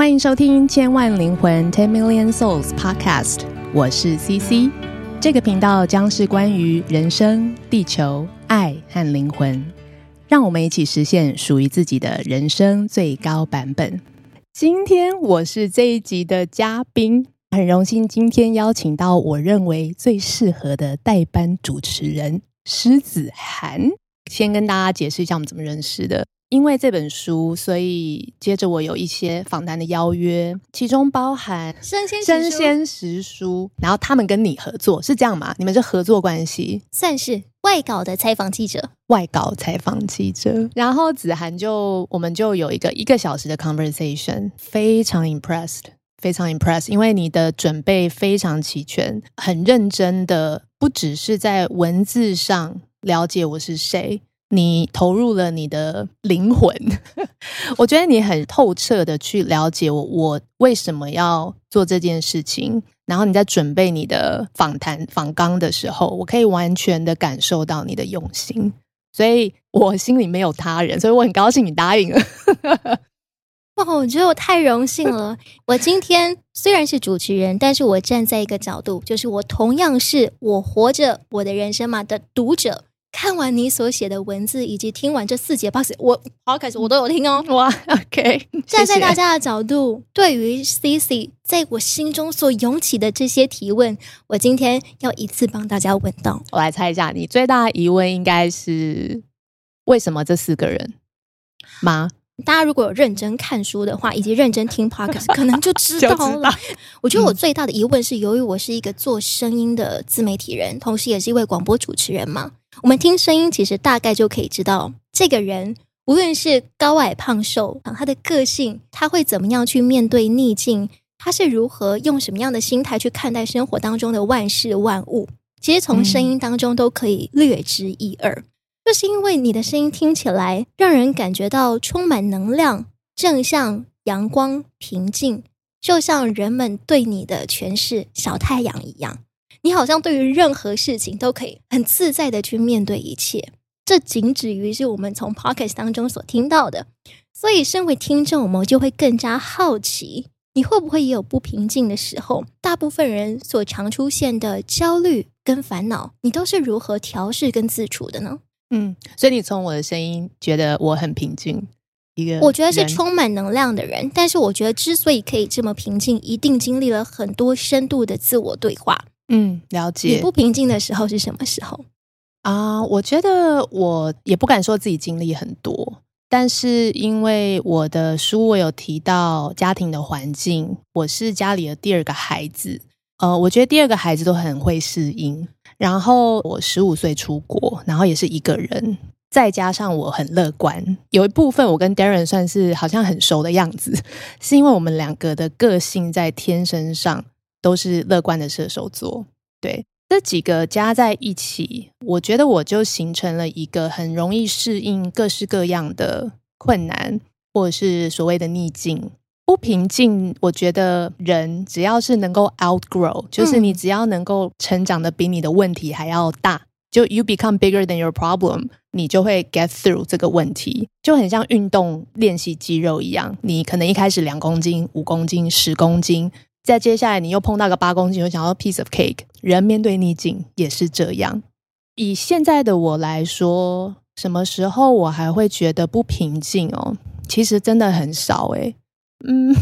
歡迎收聽《千萬靈魂 Ten Million Souls》Podcast，我是 CC。這個頻道將是關於人生、地球、愛和靈魂，讓我們一起實現屬於自己的人生最高版本。今天我是這一集的嘉賓，很榮幸今天邀請到我認為最適合的代班主持人施子涵。先跟大家解釋一下我們怎麼認識的。因為這本書，所以接着我有一些訪談的邀約，其中包含生鮮時書、生鮮時書，然後他們跟你合作是這樣嗎？你們是合作關係？算是外稿的採訪記者，外稿採訪記者。然後子涵就，我們就有一個一個小時的 conversation，非常 impressed，非常 impressed，因為你的準備非常齊全，很認真的，不只是在文字上了解我是誰。你投入了你的靈魂， 我覺得你很透徹的去了解我，我為什麼要做這件事情。然後你在準備你的訪談訪綱的時候，我可以完全的感受到你的用心，所以我心裡沒有他人，所以我很高興你答應了。 哦，我覺得我太榮幸了。 我今天雖然是主持人，但是我站在一個角度，就是我同樣是《我活著我的人生嗎？》的讀者。看完你所寫的文字，以及聽完這四節播客，我好開始我都有聽哦。哇，OK，站在，在大家的角度，謝謝對於 CC 在我心中所湧起的這些提問，我今天要一次幫大家問到。我來猜一下，你最大的疑問應該是為什麼這四個人嗎？大家如果有認真看書的話，以及認真聽 Podcast 可能就知道了。就知道。我覺得我最大的疑問是，嗯、由於我是一個做聲音的自媒體人，同時也是一位廣播主持人嘛。我們聽聲音，其實大概就可以知道這個人，無論是高矮胖瘦，他的個性，他會怎麼樣去面對逆境，他是如何用什麼樣的心態去看待生活當中的萬事萬物，其實從聲音當中都可以略知一二。嗯。就是因為你的聲音聽起來讓人感覺到充滿能量、正向、陽光、平靜，就像人們對你的詮釋“小太陽”一樣。你好像對於任何事情都可以很自在的去面對一切，這僅止於是我們從 Podcast 當中所聽到的。所以，身為聽眾，我們就會更加好奇，你會不會也有不平靜的時候？大部分人所常出現的焦慮跟煩惱，你都是如何調試跟自處的呢？嗯，所以你從我的聲音覺得我很平靜，一個我覺得是充滿能量的人，但是我覺得之所以可以這麼平靜，一定經歷了很多深度的自我對話。嗯，了解。你不平靜的時候是什麼時候啊？Uh, 我覺得我也不敢說自己經歷很多，但是因為我的書我有提到家庭的環境，我是家裡的第二個孩子，呃、uh,，我覺得第二個孩子都很會適應。然後我十五歲出國，然後也是一個人，再加上我很樂觀，有一部分我跟 Darren 算是好像很熟的樣子，是因為我們兩個的個性在天生上。都是樂觀的射手座，對，這幾個加在一起，我覺得我就形成了一個很容易適應各式各樣的困難，或者是所謂的逆境、不平靜。我覺得人只要是能夠 outgrow，就是你只要能夠成長的比你的問題還要大，嗯、就 you become bigger than your problem，你就會 get through 這個問題。就很像運動練習肌肉一樣，你可能一開始兩公斤、五公斤、十公斤。在接下來，你又碰到個八公斤，我想要 piece of cake。人面對逆境也是這樣。以現在的我來說，什麼時候我還會覺得不平靜哦？其實真的很少哎、欸。嗯，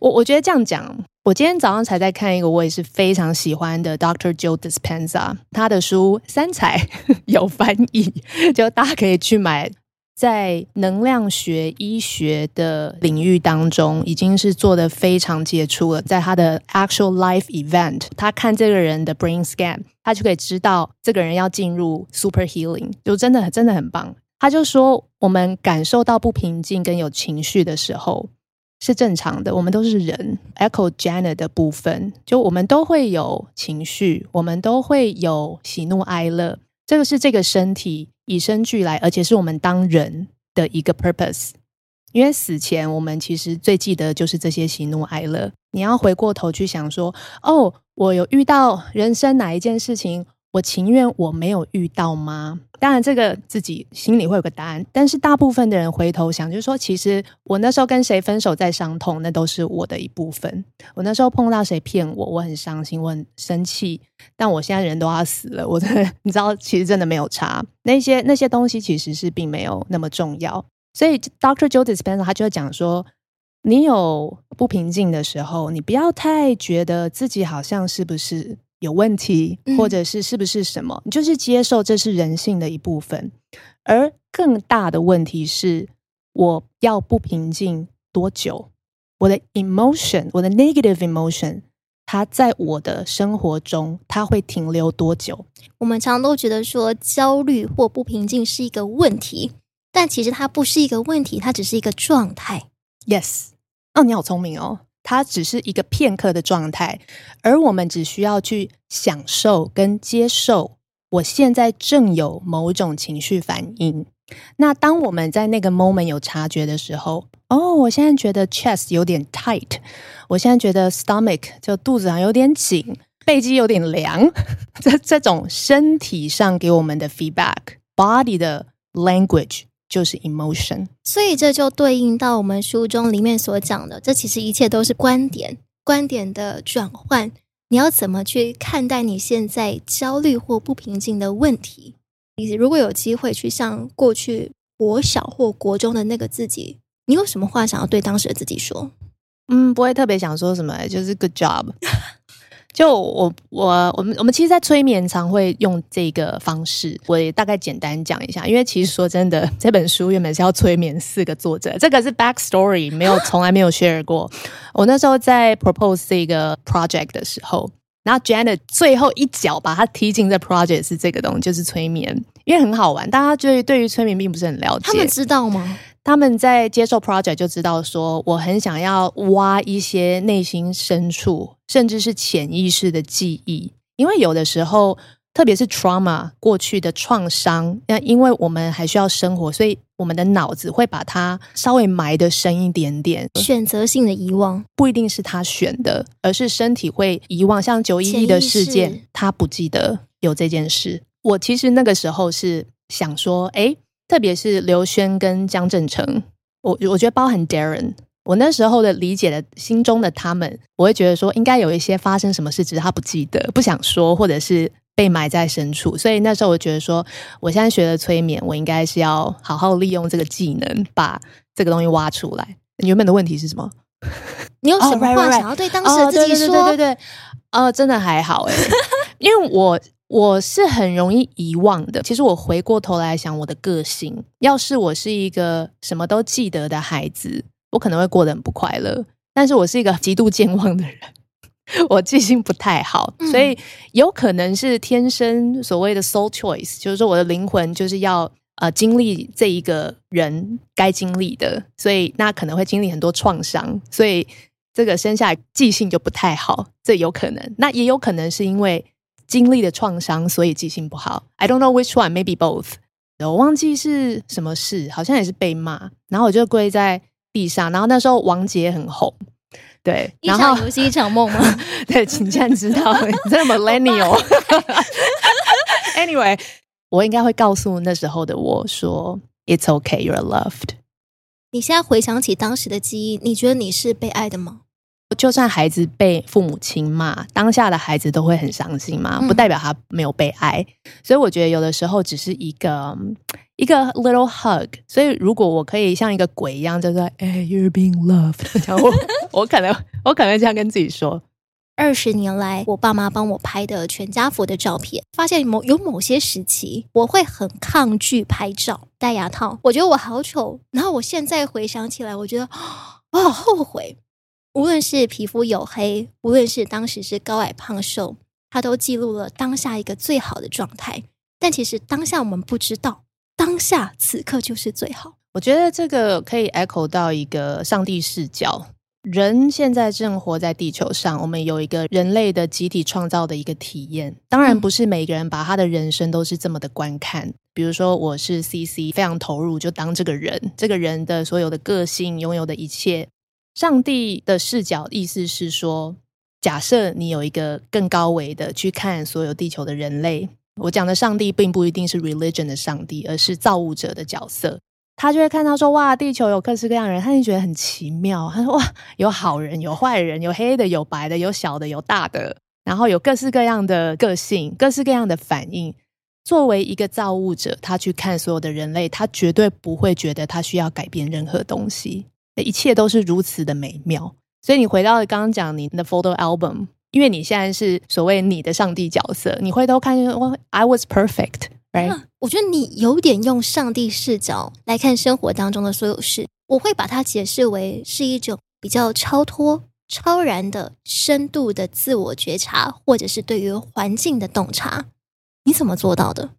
我我覺得這樣講，我今天早上才在看一個我也是非常喜歡的 Dr. Joe Dispenza，他的書《三彩》有翻譯，就大家可以去買。在能量學醫學的領域當中，已經是做得非常傑出了，在他的 actual life event，他看這個人的 brain scan，他就可以知道這個人要進入 super healing，就真的很真的很棒。他就說，我們感受到不平靜跟有情緒的時候是正常的，我們都是人。Echo Janet 的部分，就我們都會有情緒，我們都會有喜怒哀樂，這個是這個身體。與生俱來，而且是我們當人的一個 purpose。因為死前，我們其實最記得就是這些喜怒哀樂。你要回過頭去想說，哦，我有遇到人生哪一件事情？我情願我沒有遇到嗎？當然，這個自己心裡會有個答案。但是大部分的人回頭想，就是說，其實我那時候跟誰分手再傷痛，那都是我的一部分。我那時候碰到誰騙我，我很傷心，我很生氣。但我現在人都要死了，我的你知道，其實真的沒有差。那些那些東西其實是並沒有那麼重要。所以，Dr. Joe Dispenza 他就會講說：你有不平靜的時候，你不要太覺得自己好像是不是。有問題，或者是是不是什麼？嗯，你就是接受這是人性的一部分。而更大的問題是，我要不平靜多久？我的 emotion，我的 negative emotion，它在我的生活中，它會停留多久？我們常都覺得說焦慮或不平靜是一個問題，但其實它不是一個問題，它只是一個狀態。Yes，哦，你好聰明哦。它只是一個片刻的狀態，而我們只需要去享受跟接受。我現在正有某種情緒反應。那當我們在那個 moment 有察覺的時候，哦，我現在覺得 chest 有點 tight，我現在覺得 stomach 就肚子上有點緊，背肌有點涼。這這種身體上給我們的 feedback，body 的 language。就是 emotion，所以這就對應到我們書中裡面所講的，這其實一切都是觀點，觀點的轉換。你要怎麼去看待你現在焦慮或不平靜的問題？你如果有機會去向過去國小或國中的那個自己，你有什麼話想要對當時的自己說？嗯，不會特別想說什麼，就是 good job。 就我我我們我們其實，在催眠常會用這個方式。我也大概簡單講一下，因為其實說真的，這本書原本是要催眠四個作者，這個是 backstory，沒有從來沒有 share 過。啊、我那時候在 propose 這個 project 的時候，然後 Janet 最後一腳把他踢進這 project 是這個東西，就是催眠，因為很好玩。大家就對於催眠並不是很了解。他們知道嗎？他們在接受 project 就知道說，我很想要挖一些內心深處。甚至是潛意識的記憶，因為有的時候，特別是 trauma 過去的創傷，那因為我們還需要生活，所以我們的腦子會把它稍微埋得深一點點，選擇性的遺忘，不一定是他選的，而是身體會遺忘。像九一一的事件，他不記得有這件事。我其實那個時候是想說，哎，特別是劉軒跟江振誠，我我覺得包含 Darren。我那時候的理解的心中的他們，我會覺得說應該有一些發生什麼事，只是他不記得、不想說，或者是被埋在深處。所以那時候我覺得說，我現在學了催眠，我應該是要好好利用這個技能，把這個東西挖出來。原本的問題是什麼？你有什麼話想要對當時的自己說？對對對，哦，真的還好欸， 因為我我是很容易遺忘的。其實我回過頭來想，我的個性，要是我是一個什麼都記得的孩子。我可能會過得很不快樂，但是我是一個極度健忘的人，我記性不太好，所以有可能是天生所謂的 soul choice，就是說我的靈魂就是要呃經歷這一個人該經歷的，所以那可能會經歷很多創傷，所以這個生下來記性就不太好，這有可能。那也有可能是因為經歷的創傷，所以記性不好。I don't know which one, maybe both。我忘記是什麼事，好像也是被罵，然後我就跪在。地上，然後那時候王杰很紅，對，然後一場遊戲一場夢嗎？ 對，秦湛知道，這 的 millennial。 Anyway，我應該會告訴那時候的我說，It's okay, you're loved。你現在回想起當時的記憶，你覺得你是被愛的嗎？就算孩子被父母親罵，當下的孩子都會很傷心嘛，不代表他沒有被愛。嗯，所以我覺得有的時候只是一個一個 little hug。所以如果我可以像一個鬼一樣，就說“哎，hey，you're being loved”，然後 我，我可能我可能這樣跟自己說。二十 年來，我爸媽幫我拍的全家福的照片，發現某有某些時期，我會很抗拒拍照、戴牙套，我覺得我好醜。然後我現在回想起來，我覺得我好後悔。無論是皮膚黝黑，無論是當時是高矮胖瘦，他都記錄了當下一個最好的狀態。但其實當下我們不知道，當下此刻就是最好。我覺得這個可以 echo 到一個上帝視角。人現在正活在地球上，我們有一個人類的集體創造的一個體驗。當然不是每個人把他的人生都是這麼的觀看。嗯。比如說，我是 CC，非常投入，就當這個人，這個人的所有的個性，擁有的一切。上帝的視角意思是說，假設你有一個更高維的去看所有地球的人類，我講的上帝並不一定是 religion 的上帝，而是造物者的角色，他就會看到說，哇，地球有各式各樣人，他就覺得很奇妙。他說，哇，有好人，有壞人，有黑的，有白的，有小的，有大的，然後有各式各樣的個性，各式各樣的反應。作為一個造物者，他去看所有的人類，他絕對不會覺得他需要改變任何東西。一切都是如此的美妙，所以你回到剛剛講你的 photo album，因為你現在是所謂你的上帝角色，你回頭看，well, I was perfect，right？我覺得你有點用上帝視角來看生活當中的所有事，我會把它解釋為是一種比較超脫、超然的、深度的自我覺察，或者是對於環境的洞察。你怎麼做到的？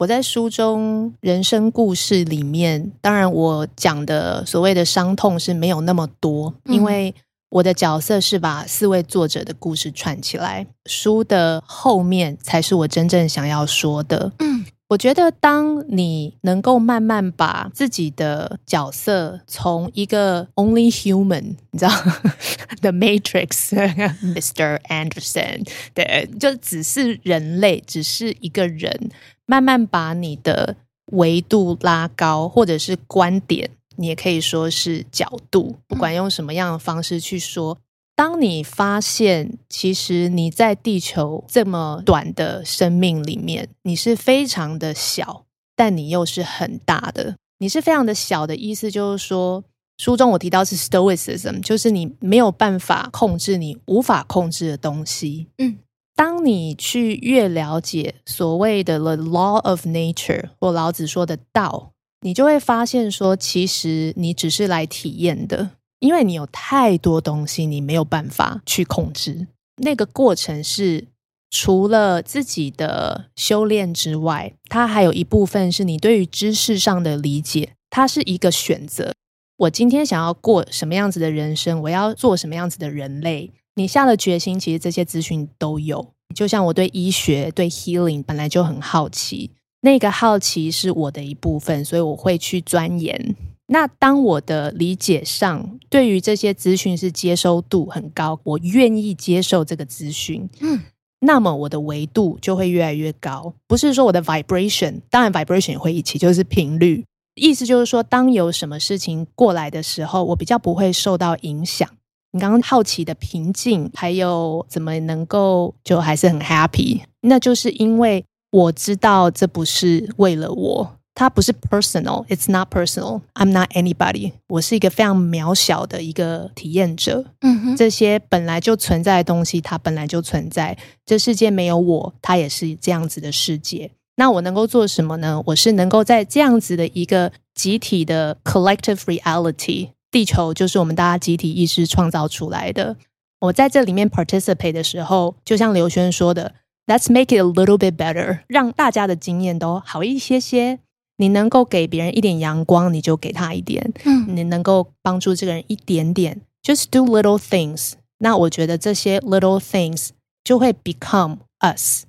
我在書中人生故事裡面，當然我講的所謂的傷痛是沒有那麼多，因為我的角色是把四位作者的故事串起來，書的後面才是我真正想要說的。嗯我覺得，當你能夠慢慢把自己的角色從一個 only human，你知道，《 The Matrix》 Mr. Anderson，對，就只是人類，只是一個人，慢慢把你的維度拉高，或者是觀點，你也可以說是角度，不管用什麼樣的方式去說。當你發現，其實你在地球這麼短的生命裡面，你是非常的小，但你又是很大的。你是非常的小的意思，就是說，書中我提到是 Stoicism，就是你沒有辦法控制你無法控制的東西。嗯，當你去越了解所謂的 The Law of Nature 或老子說的道，你就會發現說，其實你只是來體驗的。因為你有太多東西，你沒有辦法去控制。那個過程是除了自己的修煉之外，它還有一部分是你對於知識上的理解。它是一個選擇。我今天想要過什麼樣子的人生？我要做什麼樣子的人類？你下了決心，其實這些資訊都有。就像我對醫學、對 healing 本來就很好奇，那個好奇是我的一部分，所以我會去鑽研。那當我的理解上，對於這些資訊是接收度很高，我願意接受這個資訊，嗯，那麼我的維度就會越來越高。不是說我的 vibration，當然 vibration 也會一起，就是頻率。意思就是說，當有什麼事情過來的時候，我比較不會受到影響。你剛剛好奇的平靜，還有怎麼能夠就還是很 happy，那就是因為我知道這不是為了我。它不是 personal，it's not personal。I'm not anybody。我是一個非常渺小的一個體驗者。嗯哼，這些本來就存在的東西，它本來就存在。這世界沒有我，它也是這樣子的世界。那我能夠做什麼呢？我是能夠在這樣子的一個集體的 collective reality，地球就是我們大家集體意識創造出來的。我在這裡面 participate 的時候，就像劉軒說的，let's make it a little bit better，讓大家的經驗都好一些些。你能夠給別人一點陽光，你就給他一點。嗯，你能夠幫助這個人一點點，just do little things。那我覺得這些 little things 就會 become us。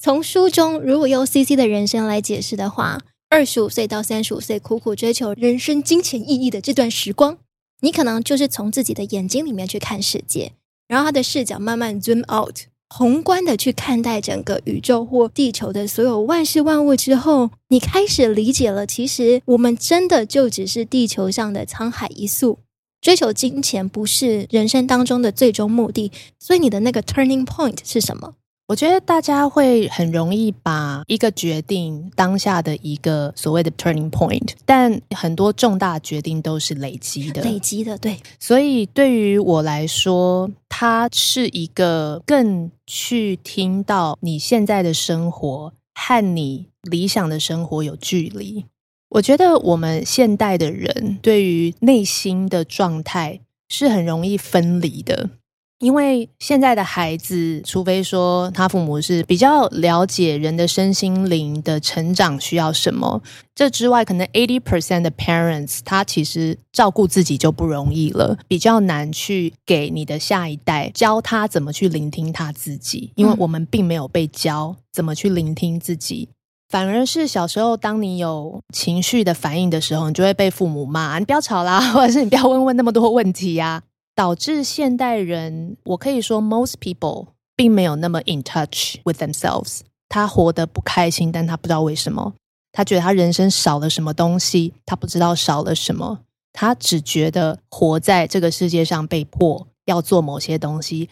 從書中，如果用 CC 的人生來解釋的話，二十五歲到三十五歲苦苦追求人生、金錢、意義的這段時光，你可能就是從自己的眼睛裡面去看世界，然後他的視角慢慢 zoom out。宏觀的去看待整個宇宙或地球的所有萬事萬物之後，你開始理解了，其實我們真的就只是地球上的滄海一粟。追求金錢不是人生當中的最終目的，所以你的那個 turning point 是什麼？我覺得大家會很容易把一個決定當下的一個所謂的 turning point，但很多重大決定都是累積的。累積的，對。所以對於我來說，它是一個更去聽到你現在的生活和你理想的生活有距離。我覺得我們現代的人對於內心的狀態是很容易分離的。因為現在的孩子，除非說他父母是比較了解人的身心靈的成長需要什麼，這之外，可能 eighty percent 的 parents 他其實照顧自己就不容易了，比較難去給你的下一代教他怎麼去聆聽他自己，因為我們並沒有被教怎麼去聆聽自己，嗯、反而是小時候，當你有情緒的反應的時候，你就會被父母罵，你不要吵啦，或者是你不要問問那麼多問題呀、啊。導致現代人，我可以說，most people 並沒有那麼 in touch with themselves。他活得不開心，但他不知道為什麼。他覺得他人生少了什麼東西，他不知道少了什麼。他只覺得活在這個世界上被迫要做某些東西。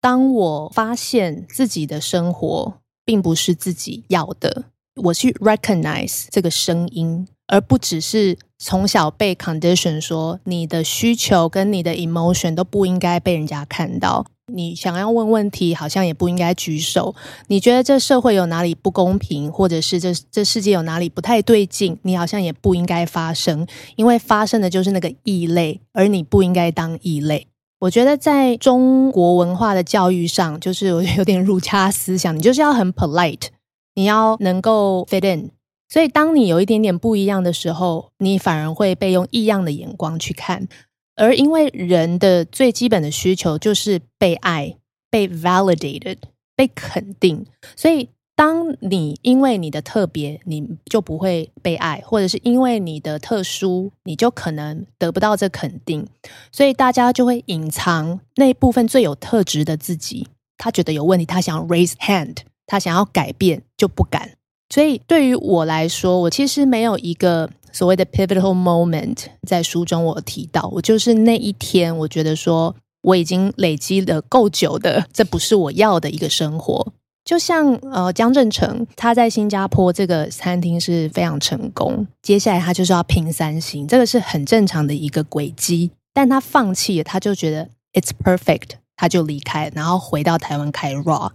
當我發現自己的生活並不是自己要的，我去 recognize 這個聲音，而不只是。從小被 condition 說，你的需求跟你的 emotion 都不應該被人家看到。你想要問問題，好像也不應該舉手。你覺得這社會有哪裡不公平，或者是這這世界有哪裡不太對勁，你好像也不應該發聲。因為發聲的就是那個異類，而你不應該當異類。我覺得在中國文化的教育上，就是我有，有點儒家思想，你就是要很 polite，你要能夠 fit in。所以，當你有一點點不一樣的時候，你反而會被用異樣的眼光去看。而因為人的最基本的需求就是被愛、被 validated、被肯定。所以，當你因為你的特別，你就不會被愛；或者是因為你的特殊，你就可能得不到這肯定。所以，大家就會隱藏那部分最有特質的自己。他覺得有問題，他想要 raise hand，他想要改變，就不敢。所以對於我來說，我其實沒有一個所謂的 pivotal moment。在書中我提到，我就是那一天，我覺得說我已經累積了夠久的，這不是我要的一個生活。就像呃，江振誠他在新加坡這個餐廳是非常成功，接下來他就是要拼三星，這個是很正常的一個軌跡。但他放棄了，他就覺得 it's perfect，他就離開，然後回到台灣開 RAW。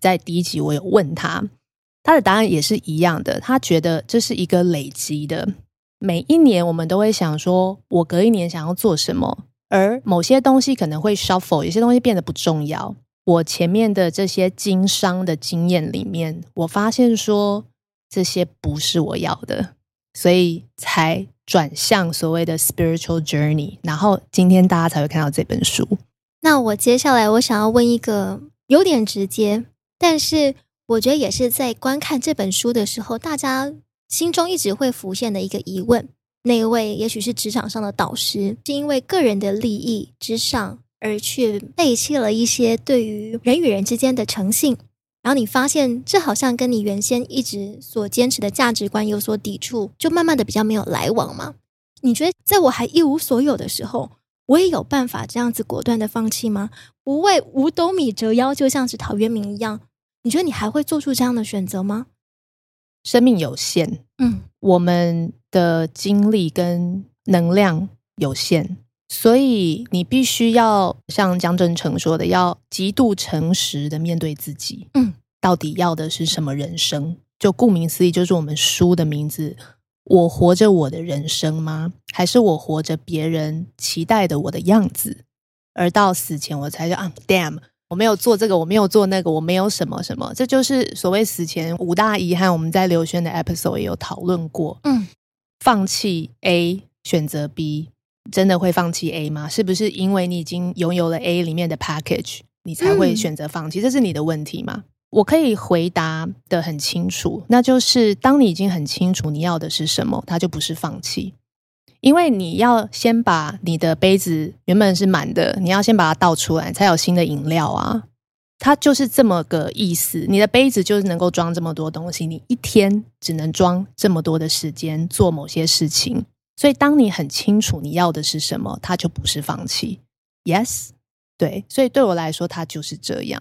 在第一集我有問他。他的答案也是一樣的，他覺得這是一個累積的。每一年我們都會想說，我隔一年想要做什麼，而某些東西可能會 shuffle，有些東西變得不重要。我前面的這些經商的經驗裡面，我發現說這些不是我要的，所以才轉向所謂的 spiritual journey。然後今天大家才會看到這本書。那我接下來我想要問一個有點直接，但是，我覺得也是在觀看這本書的時候，大家心中一直會浮現的一個疑問：那一位也許是職場上的導師，是因為個人的利益之上而去背棄了一些對於人與人之間的誠信。然後你發現這好像跟你原先一直所堅持的價值觀有所抵觸，就慢慢的比較沒有來往嘛。你覺得在我還一無所有的時候，我也有辦法這樣子果斷的放棄嗎？不為五斗米折腰，就像是陶淵明一樣。你覺得你還會做出這樣的選擇嗎？生命有限，嗯，我們的精力跟能量有限，所以你必須要像江振誠說的，要極度誠實的面對自己。嗯，到底要的是什麼人生？就顧名思義，就是我們書的名字《我活著我的人生嗎？》還是我活着別人期待的我的樣子？而到死前，我才叫啊，damn！我沒有做這個，我沒有做那個，我沒有什麼什麼，這就是所謂死前五大遺憾。我們在劉軒的 episode 也有討論過，嗯，放棄 A 選擇 B，真的會放棄 A 嗎？是不是因為你已經擁有了 A 裡面的 package，你才會選擇放棄？嗯，這是你的問題嗎？我可以回答的很清楚，那就是當你已經很清楚你要的是什麼，它就不是放棄。因為你要先把你的杯子原本是滿的，你要先把它倒出來，才有新的飲料啊。它就是這麼個意思。你的杯子就是能夠裝這麼多東西，你一天只能裝這麼多的時間做某些事情。所以，當你很清楚你要的是什麼，它就不是放棄。Yes，對。所以對我來說，它就是這樣。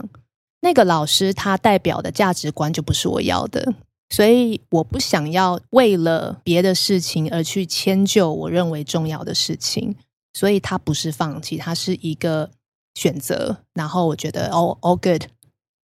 那個老師他代表的價值觀就不是我要的。所以我不想要為了別的事情而去遷就我認為重要的事情，所以他不是放棄，他是一個選擇。然後我覺得哦，all, all good。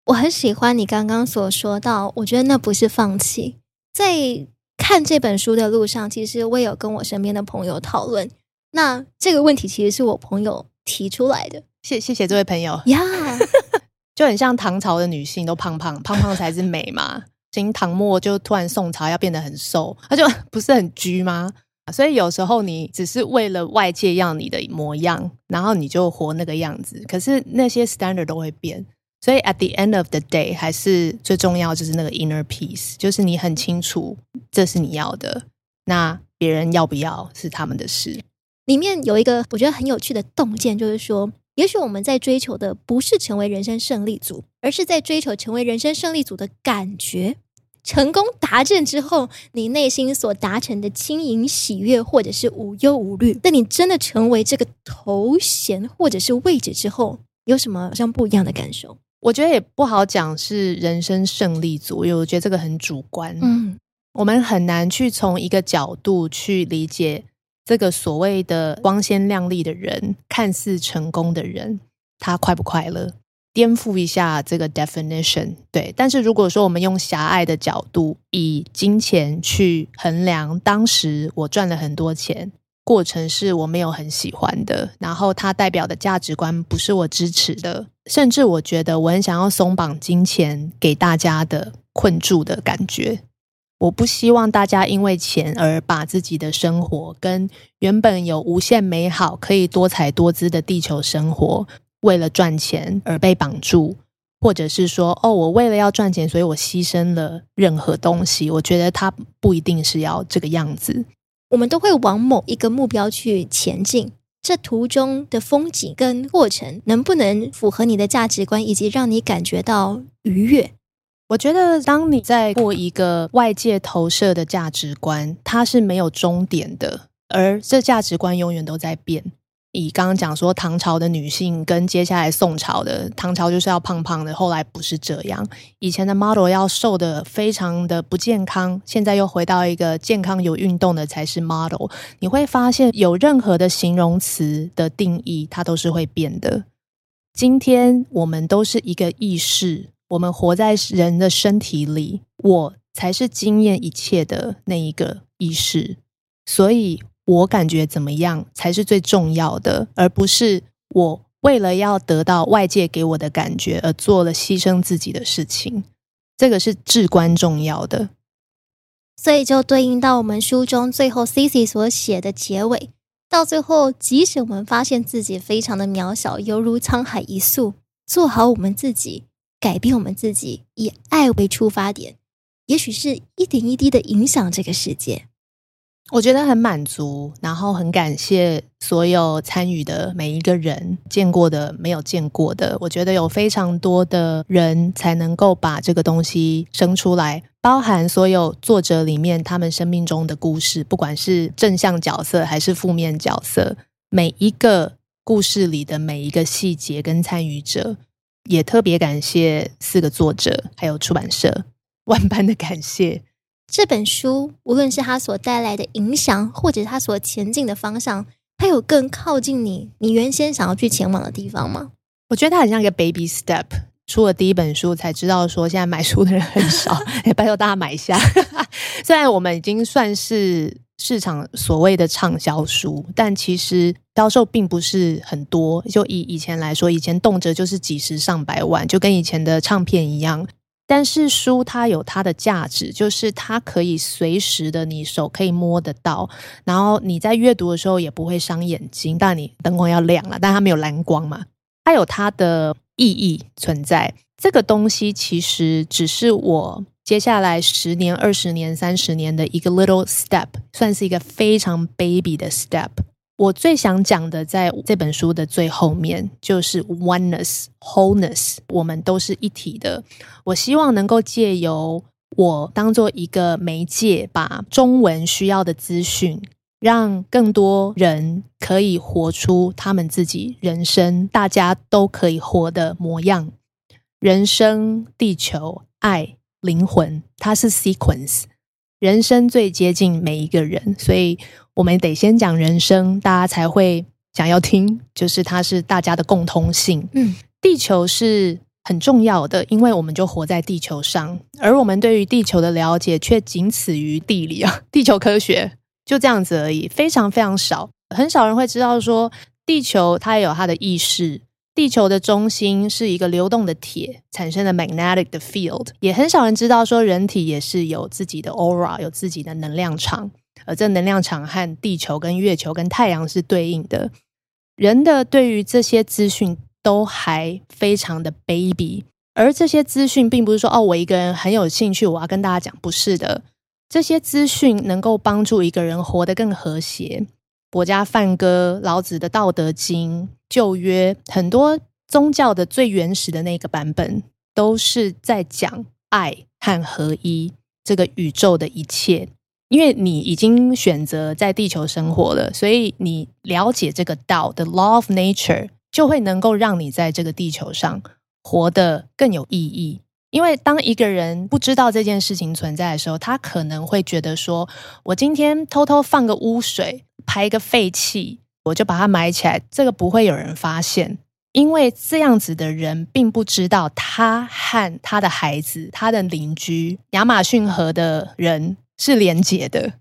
我很喜歡你剛剛所說到，我覺得那不是放棄。在看這本書的路上，其實我有跟我身邊的朋友討論。那這個問題其實是我朋友提出來的。謝謝，謝謝這位朋友呀，Yeah. 就很像唐朝的女性都胖胖，胖胖才是美嘛。 經唐末就突然宋朝要變得很瘦，他就不是很拘嗎？所以有時候你只是為了外界要你的模樣，然後你就活那個樣子。可是那些 standard 都會變，所以 at the end of the day，還是最重要就是那個 inner peace，就是你很清楚這是你要的，那別人要不要是他們的事。裡面有一個我覺得很有趣的洞見，就是說，也許我們在追求的不是成為人生勝利組，而是在追求成為人生勝利組的感覺。成功達陣之後，你內心所達成的輕盈、喜悅，或者是無憂無慮。但你真的成為這個頭銜或者是位置之後，有什麼好像不一樣的感受？我覺得也不好講是人生勝利組，因為我覺得這個很主觀。嗯，我們很難去從一個角度去理解這個所謂的光鮮亮麗的人，看似成功的人，他快不快樂？顛覆一下這個 definition，對。但是如果說我們用狹隘的角度，以金錢去衡量，當時我賺了很多錢，過程是我沒有很喜歡的，然後它代表的價值觀不是我支持的，甚至我覺得我很想要鬆綁金錢給大家的困住的感覺。我不希望大家因為錢而把自己的生活跟原本有無限美好、可以多彩多姿的地球生活。為了賺錢而被綁住，或者是說，哦，我為了要賺錢，所以我犧牲了任何東西。我覺得它不一定是要這個樣子。我們都會往某一個目標去前進，這途中的風景跟過程能不能符合你的價值觀，以及讓你感覺到愉悅？我覺得，當你在過一個外界投射的價值觀，它是沒有終點的，而這價值觀永遠都在變。以剛剛講說唐朝的女性跟接下來宋朝的唐朝就是要胖胖的，後來不是這樣。以前的 model 要瘦得非常的不健康，現在又回到一個健康有運動的才是 model。你會發現有任何的形容詞的定義，它都是會變的。今天我們都是一個意識，我們活在人的身體裡，我才是經驗一切的那一個意識，所以。我感覺怎麼樣才是最重要的，而不是我為了要得到外界給我的感覺而做了犧牲自己的事情，這個是至關重要的。所以就對應到我們書中最後 CC 所寫的結尾，到最後，即使我們發現自己非常的渺小，猶如滄海一粟，做好我們自己，改變我們自己，以愛為出發點，也許是一點一滴的影響這個世界。我覺得很滿足，然後很感謝所有參與的每一個人，見過的、沒有見過的，我覺得有非常多的人才能夠把這個東西生出來，包含所有作者裡面他們生命中的故事，不管是正向角色還是負面角色，每一個故事裡的每一個細節跟參與者，也特別感謝四個作者還有出版社，萬般的感謝。這本書無論是它所帶來的影響，或者它所前進的方向，它有更靠近你，你原先想要去前往的地方嗎？我覺得它很像一個 baby step，出了第一本書才知道說現在買書的人很少， 哎，拜託大家買一下。 雖然我們已經算是市場所謂的暢銷書，但其實銷售並不是很多。就以以前來說，以前動輒就是幾十上百萬，就跟以前的唱片一樣。但是書它有它的價值，就是它可以隨時的你手可以摸得到，然後你在閱讀的時候也不會傷眼睛，但你燈光要亮了，但它沒有藍光嘛，它有它的意義存在。這個東西其實只是我接下來十年、二十年、三十年的一個 little step，算是一個非常 baby 的 step。我最想講的，在這本書的最後面，就是 Oneness, Wholeness，我們都是一體的。我希望能夠借由我當做一個媒介，把中文需要的資訊，讓更多人可以活出他們自己人生，大家都可以活的模樣。人生、地球、愛、靈魂，它是 sequence。人生最接近每一個人，所以我們得先講人生，大家才會想要聽。就是它是大家的共通性。嗯，地球是很重要的，因為我們就活在地球上，而我們對於地球的了解卻僅此於地理啊，地球科學就這樣子而已，非常非常少，很少人會知道說地球它也有它的意識。地球的中心是一個流動的鐵產生的 magnetic field，也很少人知道說人體也是有自己的 aura，有自己的能量場，而這能量場和地球、跟月球、跟太陽是對應的。人的對於這些資訊都還非常的 baby，而這些資訊並不是說哦，我一個人很有興趣，我要跟大家講，不是的，這些資訊能夠幫助一個人活得更和諧。國家梵歌、老子的《道德經》、舊約，很多宗教的最原始的那個版本，都是在講愛和合一這個宇宙的一切。因為你已經選擇在地球生活了，所以你了解這個道的 Law of Nature，就會能夠讓你在這個地球上活得更有意義。因為當一個人不知道這件事情存在的時候，他可能會覺得說：“我今天偷偷放個污水。”排一個廢棄，我就把它埋起來，這個不會有人發現，因為這樣子的人並不知道他和他的孩子、他的鄰居、亞馬遜河的人是連接的。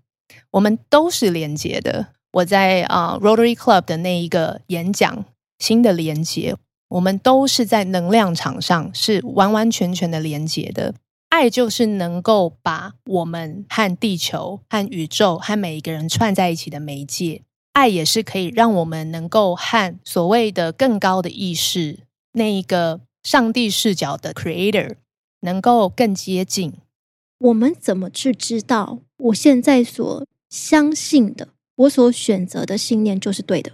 我們都是連接的。我在啊、uh, Rotary Club 的那一個演講，新的連接，我們都是在能量場上是完完全全的連接的。愛就是能夠把我們和地球、和宇宙、和每一個人串在一起的媒介。愛也是可以讓我們能夠和所謂的更高的意識、那一個上帝視角的 Creator 能夠更接近。我們怎麼去知道我現在所相信的、我所選擇的信念就是對的？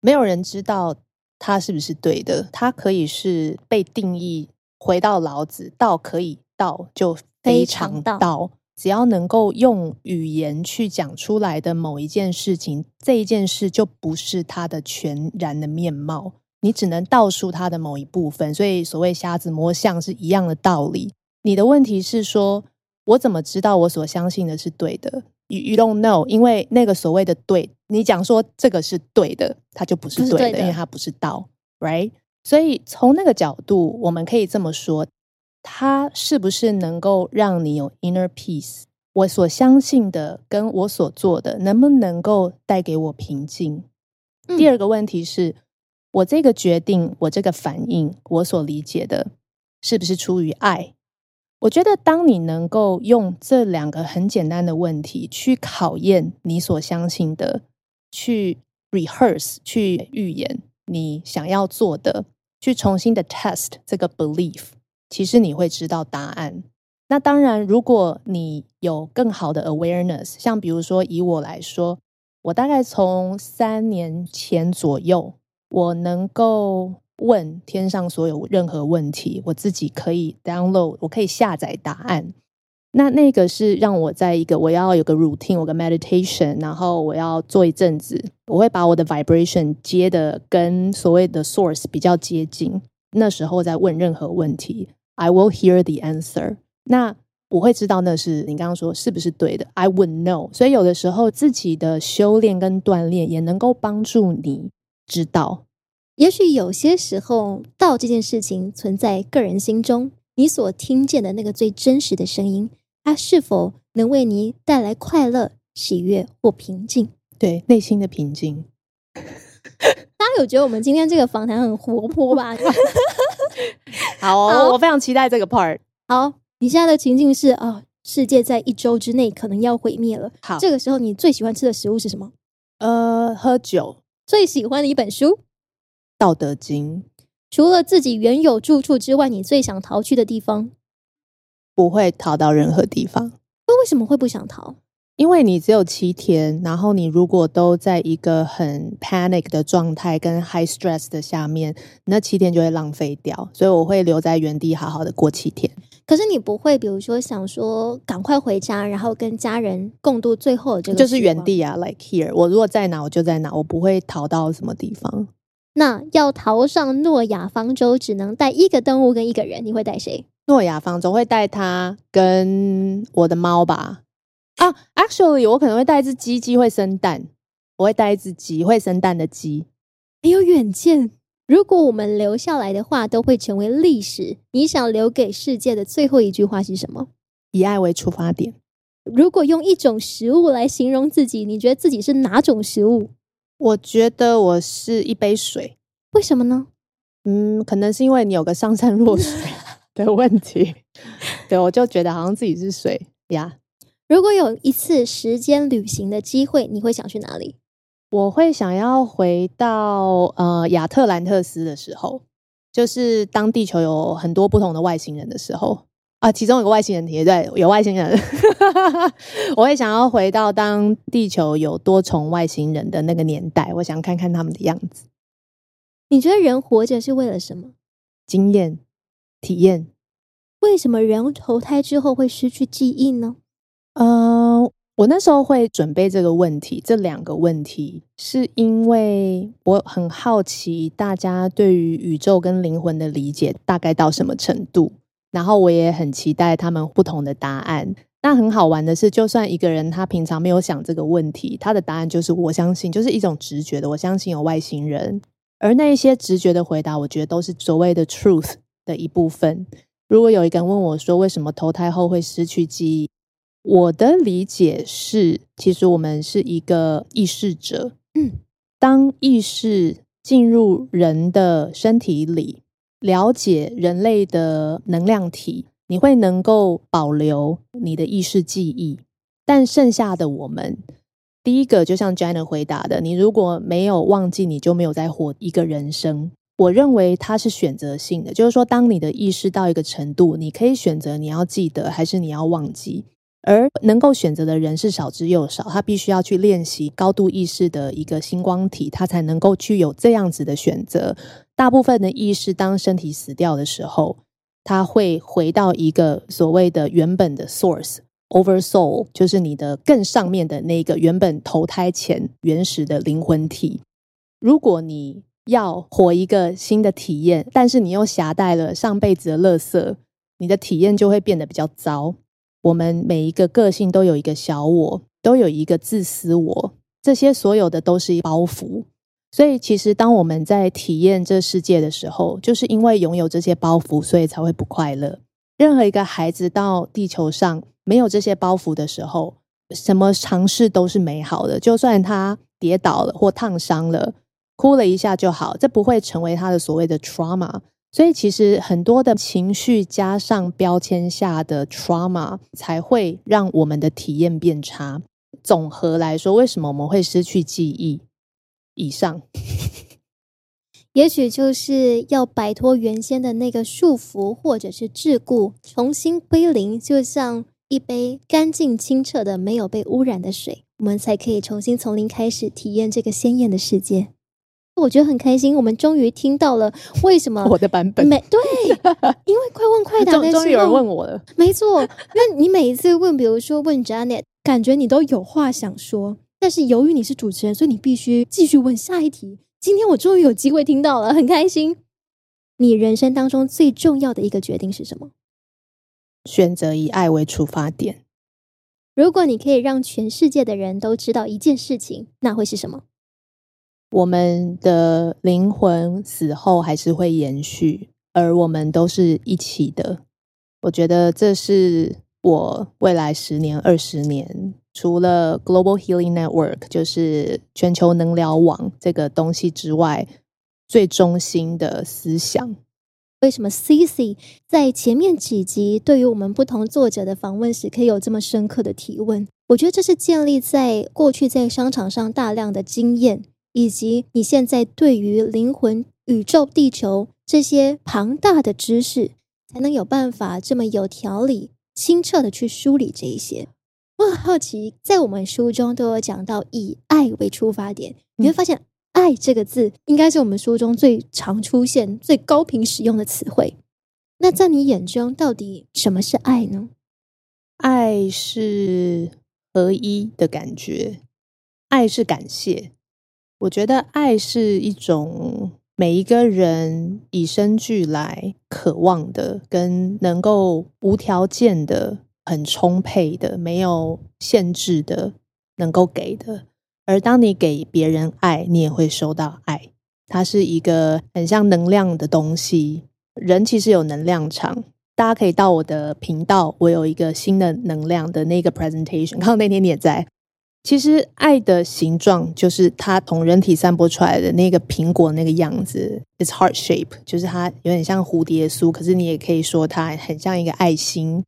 沒有人知道它是不是對的。它可以是被定義回到老子，到可以。道就非常道，只要能夠用語言去講出來的某一件事情，這一件事就不是他的全然的面貌，你只能道出他的某一部分。所以所謂瞎子摸象是一樣的道理。你的問題是說，我怎麼知道我所相信的是對的？You you don't know，因為那個所謂的對，你講說這個是對的，它就不是對的，對的因為它不是道，right？所以從那個角度，我們可以這麼說。它是不是能夠讓你有 inner peace？我所相信的跟我所做的，能不能夠帶給我平靜？嗯。第二個問題是我這個決定，我這個反應，我所理解的，是不是出於愛？我覺得，當你能夠用這兩個很簡單的問題去考驗你所相信的，去 rehearse，去預言你想要做的，去重新的 test 這個 belief。其實你會知道答案。那當然，如果你有更好的 awareness，像比如說以我來說，我大概從三年前左右，我能夠問天上所有任何問題，我自己可以 download，我可以下載答案。那那個是讓我在一個我要有個 routine，我個 meditation，然後我要做一陣子，我會把我的 vibration 接的跟所謂的 source 比較接近，那時候再問任何問題。I will hear the answer 那。那我會知道那是你剛剛說是不是對的？I would know。所以有的時候自己的修煉跟鍛鍊也能夠幫助你知道。也許有些時候道這件事情存在個人心中，你所聽見的那個最真實的聲音，它是否能為你帶來快樂、喜悅或平靜？對，內心的平靜。 大家有覺得我們今天這個訪談很活潑吧？ 好，哦、好，我非常期待這個 part。好，你現在的情境是啊、哦，世界在一周之內可能要毀滅了。好，這個時候你最喜歡吃的食物是什麼？呃，喝酒。最喜歡的一本書，《道德經》。除了自己原有住處之外，你最想逃去的地方？不會逃到任何地方。那為什麼會不想逃？因為你只有七天，然後你如果都在一個很 panic 的狀態跟 high stress 的下面，那七天就會浪費掉。所以我會留在原地，好好的過七天。可是你不會，比如說想說趕快回家，然後跟家人共度最後的就這個，就是原地啊，like here。我如果在哪，我就在哪，我不會逃到什麼地方。那要逃上諾亞方舟，只能帶一個動物跟一個人，你會帶誰？諾亞方舟會帶他跟我的貓吧。啊，oh，Actually，我可能會帶一隻雞，雞會生蛋。我會帶一隻雞，會生蛋的雞。沒有遠見。如果我們留下來的話，都會成為歷史。你想留給世界的最後一句話是什麼？以愛為出發點。如果用一種食物來形容自己，你覺得自己是哪種食物？我覺得我是一杯水。為什麼呢？嗯，可能是因為你有個上善若水的問題。 對，我就覺得好像自己是水呀。Yeah. 如果有一次時間旅行的機會，你會想去哪裡？我會想要回到呃亞特蘭特斯的時候，就是當地球有很多不同的外星人的時候啊，其中有個外星人體驗，對，有外星人。 我會想要回到當地球有多重外星人的那個年代，我想看看他們的樣子。你覺得人活着是為了什麼？經驗、體驗。為什麼人投胎之後會失去記憶呢？嗯，uh, 我那時候會準備這個問題，這兩個問題是因為我很好奇大家對於宇宙跟靈魂的理解大概到什麼程度，然後我也很期待他們不同的答案。那很好玩的是，就算一個人他平常沒有想這個問題，他的答案就是我相信，就是一種直覺的，我相信有外星人。而那一些直覺的回答，我覺得都是所謂的 truth 的一部分。如果有一個人問我說為什麼投胎後會失去記憶？我的理解是，其實我們是一個意識者。嗯、當意識進入人的身體裡，了解人類的能量體，你會能夠保留你的意識記憶。但剩下的我們，第一個就像 Janet 回答的，你如果沒有忘記，你就沒有在活一個人生。我認為它是選擇性的，就是說，當你的意識到一個程度，你可以選擇你要記得，還是你要忘記。而能夠選擇的人是少之又少，他必須要去練習高度意識的一個星光體，他才能夠具有這樣子的選擇。大部分的意識，當身體死掉的時候，他會回到一個所謂的原本的 Source, Oversoul，就是你的更上面的那個原本投胎前原始的靈魂體。如果你要活一個新的體驗，但是你又攜帶了上輩子的垃圾，你的體驗就會變得比較糟。我們每一個個性都有一個小我，都有一個自私我，這些所有的都是包袱。所以，其實當我們在體驗這世界的時候，就是因為擁有這些包袱，所以才會不快樂。任何一個孩子到地球上沒有這些包袱的時候，什麼嘗試都是美好的。就算他跌倒了或燙傷了，哭了一下就好，這不會成為他的所謂的 trauma。所以，其實很多的情緒加上標籤下的 trauma，才會讓我們的體驗變差。總和來說，為什麼我們會失去記憶？以上，也許就是要擺脫原先的那個束縛或者是桎梏，重新歸零，就像一杯乾淨清澈的、沒有被汙染的水，我們才可以重新從零開始體驗這個鮮豔的世界。我覺得很開心，我們終於聽到了為什麼我的版本沒 對，因為快問快答 終，終於有人問我了。沒錯，那你每一次問，比如說問 Janet， 感覺你都有話想說，但是由於你是主持人，所以你必須繼續問下一題。今天我終於有機會聽到了，很開心。你人生當中最重要的一個決定是什麼？選擇以愛為出發點。如果你可以讓全世界的人都知道一件事情，那會是什麼？我們的靈魂死後還是會延續，而我們都是一起的。我覺得這是我未來十年、二十年，除了 Global Healing Network 就是全球能量網這個東西之外，最中心的思想。為什麼 CC 在前面幾集對於我們不同作者的訪問時，可以有這麼深刻的提問？我覺得這是建立在過去在商場上大量的經驗。以及你現在對於靈魂、宇宙、地球這些龐大的知識，才能有辦法這麼有條理、清澈的去梳理這一些。我很好奇，在我們書中都有講到以愛為出發點，你會發現“愛”這個字，嗯，應該是我們書中最常出現、最高頻使用的詞彙。那在你眼中，到底什麼是愛呢？愛是合一的感覺，愛是感謝。我覺得愛是一種每一個人與生俱來渴望的，跟能夠無條件的、很充沛的、沒有限制的、能夠給的。而當你給別人愛，你也會收到愛。它是一個很像能量的東西。人其實有能量場，大家可以到我的頻道，我有一個新的能量的那個 presentation。剛好那天你也在。其實，愛的形狀就是它從人體散播出來的那個蘋果那個樣子。It's heart shape，就是它有點像蝴蝶酥，可是你也可以說它很像一個愛心。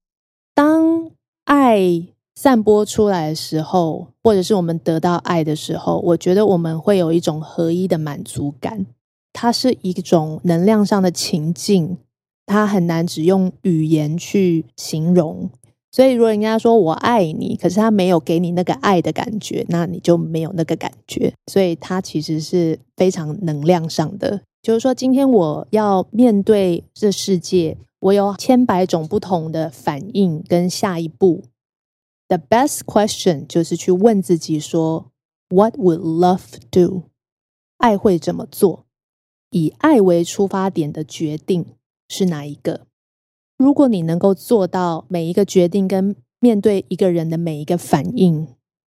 當愛散播出來的時候，或者是我們得到愛的時候，我覺得我們會有一種合一的滿足感。它是一種能量上的情境，它很難只用語言去形容。所以，如果人家說我愛你，可是他沒有給你那個愛的感覺，那你就沒有那個感覺。所以，他其實是非常能量上的。就是說，今天我要面對這世界，我有千百種不同的反應跟下一步。The best question 就是去問自己說：What would love do？愛會怎麼做？以愛為出發點的決定是哪一個？如果你能夠做到每一個決定跟面對一個人的每一個反應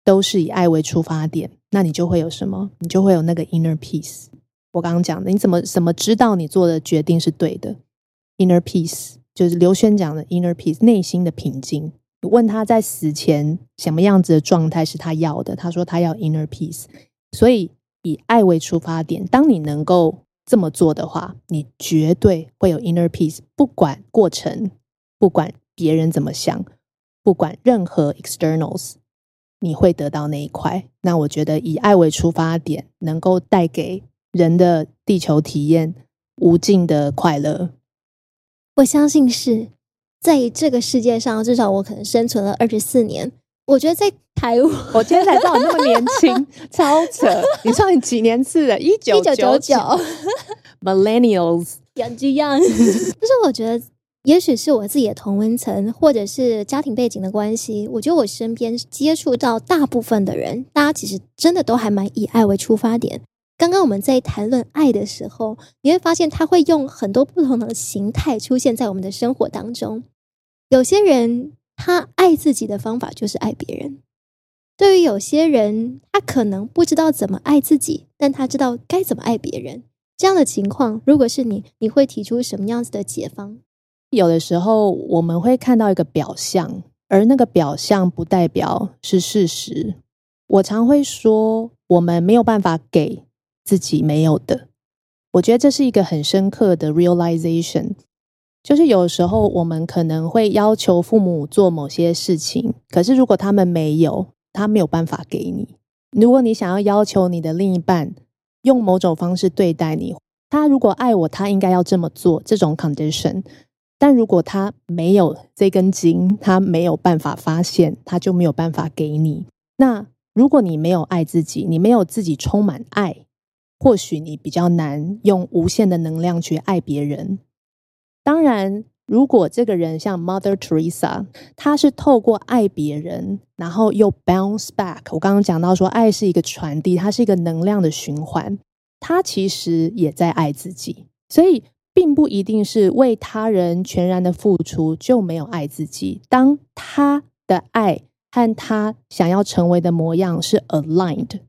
都是以愛為出發點，那你就會有什麼？你就會有那個 inner peace。我剛剛講的，你怎麼怎麼知道你做的決定是對的？inner peace 就是劉軒講的 inner peace，內心的平靜。你問他在死前什麼樣子的狀態是他要的，他說他要 inner peace。所以以愛為出發點，當你能夠，這麼做的話，你絕對會有 inner peace，不管過程，不管別人怎麼想，不管任何 externals，你會得到那一塊。那我覺得以愛為出發點，能夠帶給人的地球體驗無盡的快樂。我相信是在這個世界上，至少我可能生存了二十四年。我覺得在台灣， 我今天才知道你那麼年輕， 超扯！你算你幾年次的？一九九九，Millennials 楊智央。 ials 就是我覺得，也許是我自己的同溫層，或者是家庭背景的關係。我覺得我身邊接觸到大部分的人，大家其實真的都還蠻以愛為出發點。剛剛我們在談論愛的時候，你會發現它會用很多不同的形態出現在我們的生活當中。有些人。他愛自己的方法就是愛別人。對於有些人，他可能不知道怎麼愛自己，但他知道該怎麼愛別人。這樣的情況，如果是你，你會提出什麼樣子的解方？有的時候我們會看到一個表象，而那個表象不代表是事實。我常會說，我們沒有辦法給自己沒有的。我覺得這是一個很深刻的 realization。就是有時候我們可能會要求父母做某些事情，可是如果他們沒有，他沒有辦法給你。如果你想要要求你的另一半用某種方式對待你，他如果愛我，他應該要這麼做，這種 condition。但如果他沒有這根筋，他沒有辦法發現，他就沒有辦法給你。那如果你沒有愛自己，你沒有自己充滿愛，或許你比較難用無限的能量去愛別人。當然，如果這個人像 Mother Teresa，她是透過愛別人，然後又 bounce back。我剛剛講到說，愛是一個傳遞，它是一個能量的循環。她其實也在愛自己，所以並不一定是為他人全然的付出就沒有愛自己。當她的愛和她想要成為的模樣是 aligned，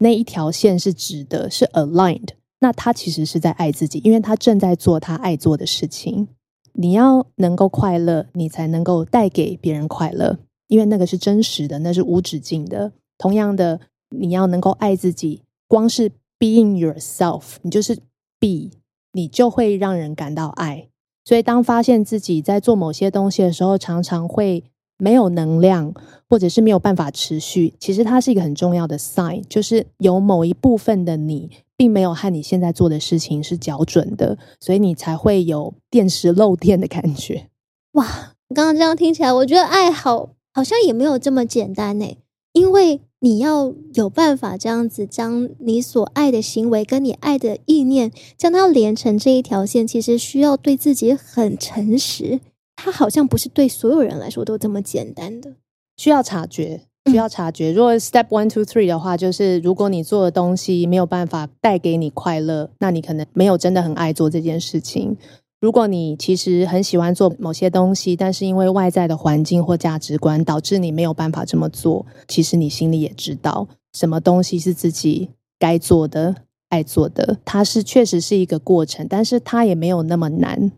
那一條線是直的，是 aligned。那他其實是在愛自己，因為他正在做他愛做的事情。你要能夠快樂，你才能夠帶給別人快樂，因為那個是真實的，那是無止境的。同樣的，你要能夠愛自己，光是 being yourself，你就是 be，你就會讓人感到愛。所以，當發現自己在做某些東西的時候，常常會沒有能量，或者是沒有辦法持續。其實，它是一個很重要的 sign，就是有某一部分的你。並沒有和你現在做的事情是校準的，所以你才會有電池漏電的感覺。哇，剛剛這樣聽起來，我覺得愛好好像也沒有這麼簡單呢。因為你要有辦法這樣子將你所愛的行為跟你愛的意念將它連成這一條線，其實需要對自己很誠實。它好像不是對所有人來說都這麼簡單的，需要察覺。需要察覺，如果 step one to three 的話，就是如果你做的東西沒有辦法帶給你快樂，那你可能沒有真的很愛做這件事情。如果你其實很喜歡做某些東西，但是因為外在的環境或價值觀導致你沒有辦法這麼做，其實你心裡也知道什麼東西是自己該做的、愛做的。它是確實是一個過程，但是它也沒有那麼難。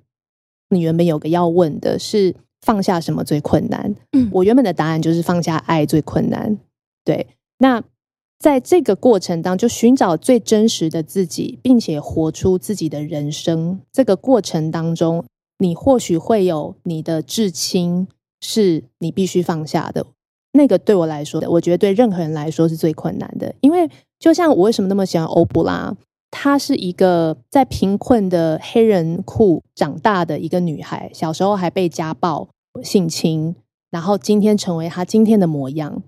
你原本有個要問的是？放下什麼最困難？嗯，我原本的答案就是放下愛最困難。對，那在這個過程當中，就尋找最真實的自己，並且活出自己的人生。這個過程當中，你或許會有你的至親是你必須放下的。那個對我來說的，我覺得對任何人來說是最困難的。因為就像我為什麼那麼喜歡歐普拉。她是一個在貧困的黑人區長大的一個女孩，小時候還被家暴、性侵，然後今天成為她今天的模樣。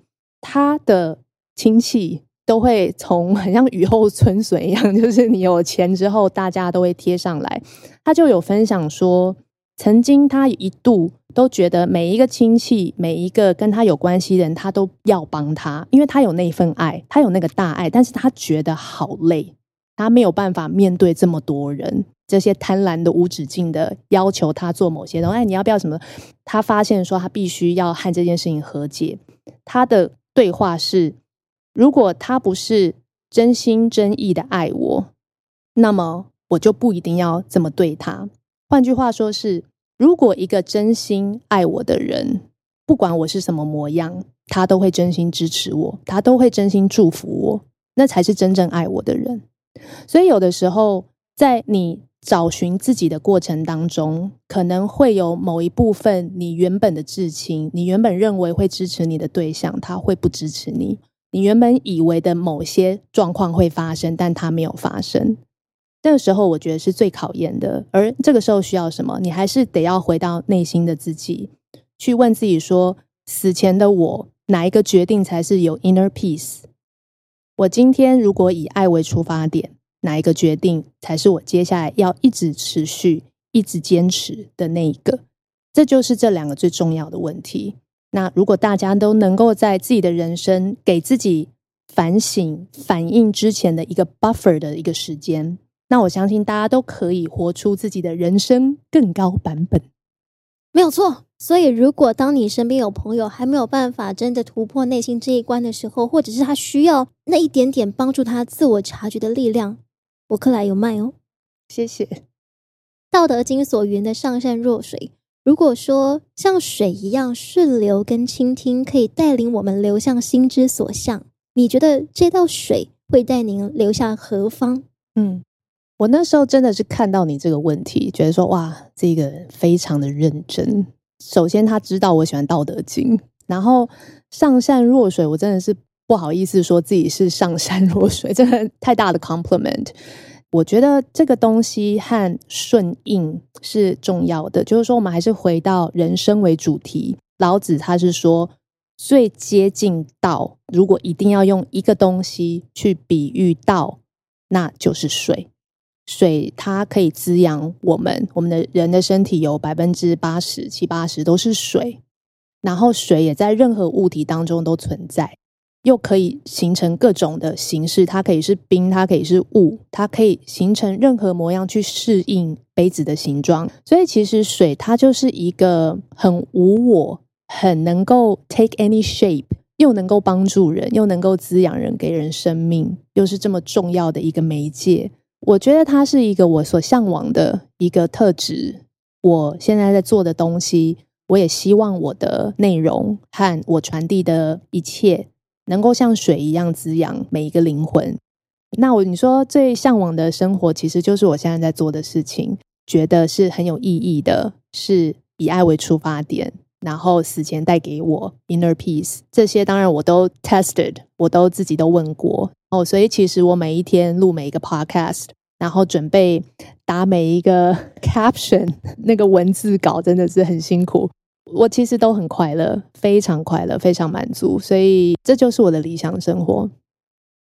她的親戚都會從很像雨後春筍一樣，就是你有錢之後，大家都會貼上來。她就有分享說，曾經她一度都覺得每一個親戚、每一個跟她有關係的人，她都要幫她，因為她有那份愛，她有那個大愛，但是她覺得好累。他沒有辦法面對這麼多人，這些貪婪的無止境的要求他做某些東西。哎，你要不要什麼？他發現說，他必須要和這件事情和解。他的對話是：如果他不是真心真意的愛我，那麼我就不一定要這麼對他。換句話說是，如果一個真心愛我的人，不管我是什麼模樣，他都會真心支持我，他都會真心祝福我，那才是真正愛我的人。所以，有的時候，在你找尋自己的過程當中，可能會有某一部分你原本的至親，你原本認為會支持你的對象，他會不支持你；你原本以為的某些狀況會發生，但他沒有發生。那個時候，我覺得是最考驗的。而這個時候需要什麼？你還是得要回到內心的自己，去問自己說：死前的我，哪一個決定才是有 inner peace？我今天如果以愛為出發點，哪一個決定才是我接下來要一直持續、一直堅持的那一個？這就是這兩個最重要的問題。那如果大家都能夠在自己的人生給自己反省、反應之前的一個 buffer 的一個時間，那我相信大家都可以活出自己的人生更高版本。沒有錯，所以如果當你身邊有朋友還沒有辦法真的突破內心這一關的時候，或者是他需要那一點點幫助他自我察覺的力量，博客來有賣哦。謝謝《道德經》所云的“上善若水”。如果說像水一樣順流跟傾聽，可以帶領我們流向心之所向，你覺得這道水會帶您流向何方？嗯。我那時候真的是看到你這個問題，覺得說哇，這個人非常的認真。首先他知道我喜歡《道德經》，然後“上善若水”，我真的是不好意思說自己是“上善若水”，真的太大的 compliment。我覺得這個東西和順應是重要的，就是說我們還是回到人生為主題。老子他是說，最接近道，如果一定要用一個東西去比喻道，那就是水。水它可以滋養我們，我們的人的身體有百分之八十七八十都是水，然後水也在任何物體當中都存在，又可以形成各種的形式，它可以是冰，它可以是霧，它可以形成任何模樣去適應杯子的形狀。所以其實水它就是一個很無我、很能夠 take any shape，又能夠幫助人，又能夠滋養人，給人生命，又是這麼重要的一個媒介。我覺得它是一個我所嚮往的一個特質。我現在在做的東西，我也希望我的內容和我傳遞的一切，能夠像水一樣滋養每一個靈魂。那我你說最嚮往的生活，其實就是我現在在做的事情，覺得是很有意義的，是以愛為出發點。然後死前帶給我 inner peace，這些當然我都 tested，我都自己都問過哦，所以其實我每一天錄每一個 podcast，然後準備打每一個 caption，那個文字稿，真的是很辛苦。我其實都很快樂，非常快樂，非常滿足，所以這就是我的理想生活。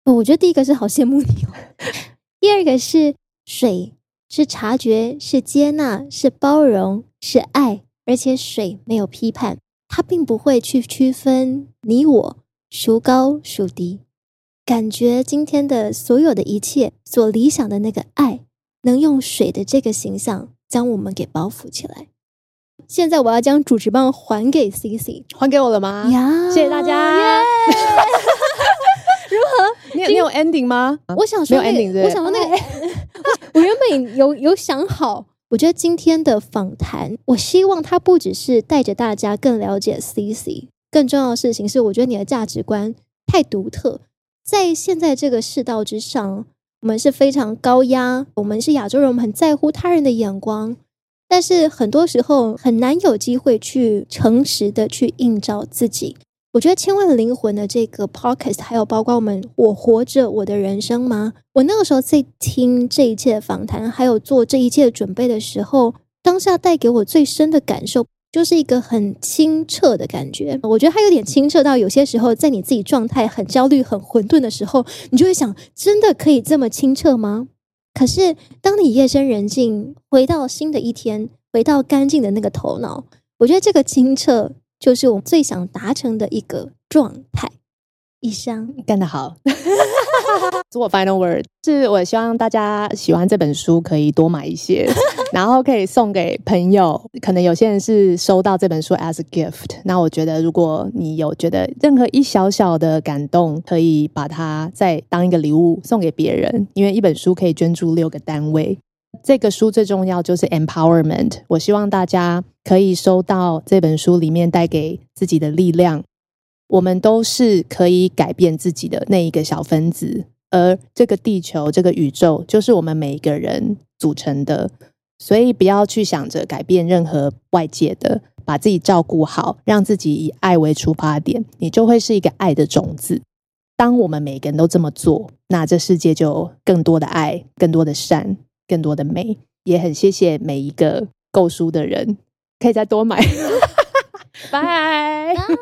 我覺得第一個是好羨慕你哦， 第二個是水，是察覺，是接納，是包容，是愛。而且水沒有批判，它並不會去區分你我孰高孰低，感覺今天的所有的一切，所理想的那個愛，能用水的這個形象將我們給包覆起來。現在我要將主持棒還給 CC，還給我了嗎？呀 Yeah，謝謝大家。Yeah 如何？你有今你有 ending 嗎？我想說 ending，我想到那個，我原本有有想好。我覺得今天的訪談，我希望它不只是帶着大家更了解 CC，更重要的事情是，我覺得你的價值觀太獨特，在現在這個世道之上，我們是非常高壓，我們是亞洲人，我們很在乎他人的眼光，但是很多時候很難有機會去誠實的去映照自己。我覺得千萬靈魂的這個 podcast 還有包括我們“我活着，我的人生”嗎？我那個時候在聽這一切的訪談，還有做這一切的準備的時候，當下帶給我最深的感受，就是一個很清澈的感覺。我覺得它有點清澈到，有些時候在你自己狀態很焦慮、很混沌的時候，你就會想，真的可以這麼清澈嗎？可是當你夜深人靜，回到新的一天，回到乾淨的那個頭腦，我覺得這個清澈。就是我最想達成的一個狀態。以上。幹得好，做 我 final word。是我希望大家喜歡這本書，可以多買一些， 然後可以送給朋友。可能有些人是收到這本書 as a gift。那我覺得，如果你有覺得任何一小小的感動，可以把它再當一個禮物送給別人，因為一本書可以捐助六個單位。這個書最重要就是 empowerment。我希望大家可以收到這本書裡面帶給自己的力量。我們都是可以改變自己的那一個小分子，而這個地球、這個宇宙就是我們每一個人組成的。所以不要去想着改變任何外界的，把自己照顧好，讓自己以愛為出發點，你就會是一個愛的種子。當我們每個人都這麼做，那這世界就更多的愛，更多的善。更多的美，也很謝謝每一個購書的人，可以再多買。拜 Bye。